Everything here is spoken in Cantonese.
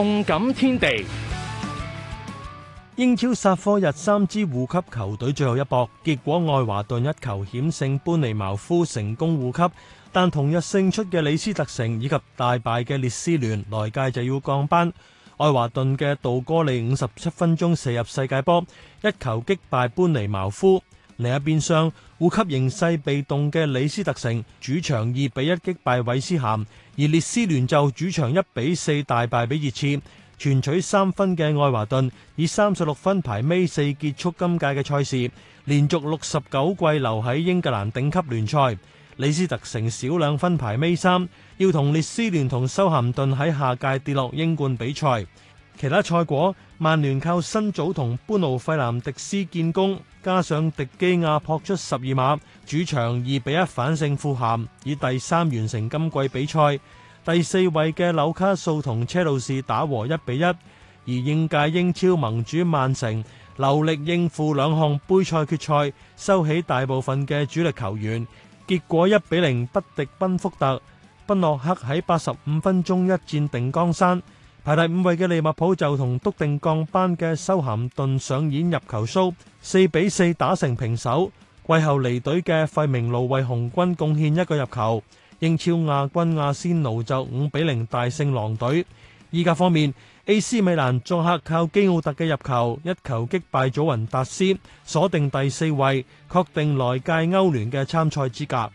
動感天地，英超煞科日，三支護級球隊最後一搏，結果愛華頓一球險勝，班尼茅夫成功護級，但同日勝出嘅李斯特城以及大敗嘅列斯聯，來屆就要降班。愛華頓嘅道哥利五十七分鐘射入世界波，一球擊敗班尼茅夫。另一邊廂，護級形勢被動嘅李斯特城主場二比一擊敗韋斯咸，而列斯聯就主場一比四大敗俾熱刺，全取三分嘅愛華頓以三十六分排尾四結束今屆嘅賽事，連續六十九季留喺英格蘭頂級聯賽。李斯特城少兩分排尾三，要同列斯聯同修咸頓喺下屆跌落英冠比賽。其他賽果，曼聯靠新組同班奴費南迪斯建功，加上迪基亞撲出十二碼，主場二比一反勝富咸，以第三完成今季比賽。第四位嘅紐卡素同車路士打和一比一。而應屆英超盟主曼城留力應付兩項杯賽決賽，收起大部分嘅主力球員，結果一比零不敵賓福特。賓諾克喺八十五分鐘一戰定江山。排第五位嘅利物浦就同篤定降班嘅修咸頓上演入球 show,4 比4打成平手，季後離隊嘅費明路為紅軍貢獻一個入球，英超亞軍阿仙奴就5比0大勝狼隊，意甲方面 AC 米蘭作客靠基奧特嘅入球，一球擊敗祖雲達斯，鎖定第4位，確定來屆歐聯嘅參賽資格。